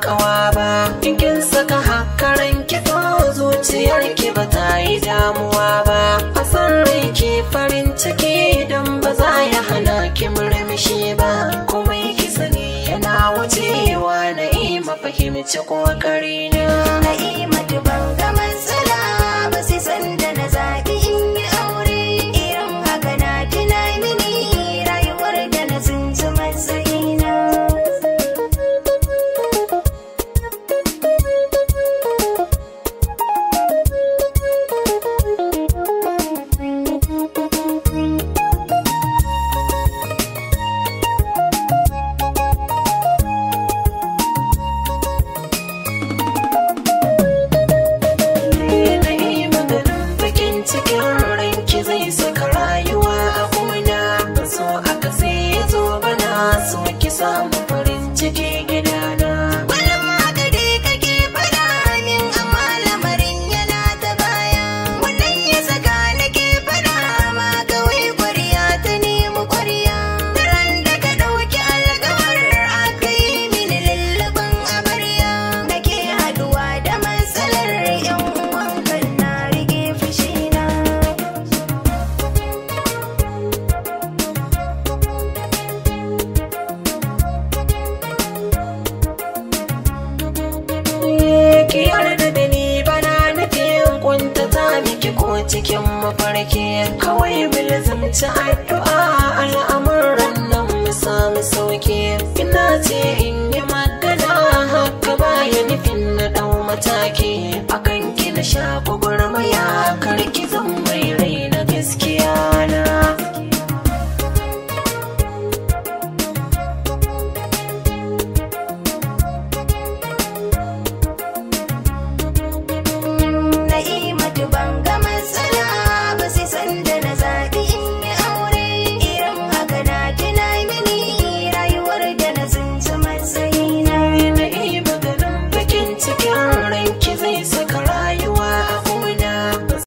kawa ba kin saka hakaran ki to zuciyar ki ba ta yi damuwa ba a san rai ki farin ciki dan ba za ya hana ki murmushi ba kuma ki sani yana wucewa na ima fahimci kokari ne cikin mafarki kawai bilzimci addu'a al'amuran nan mu sami sauki ina ce